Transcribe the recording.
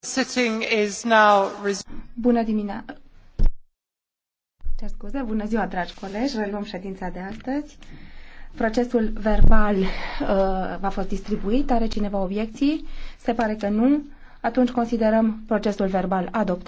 Sitting is now... Bună dimineața! Ce scuze, da, bună ziua, dragi colegi, reluăm ședința de astăzi. Procesul verbal uh, va fost distribuit, are cineva obiecții? Se pare că nu. Atunci considerăm procesul verbal adoptat.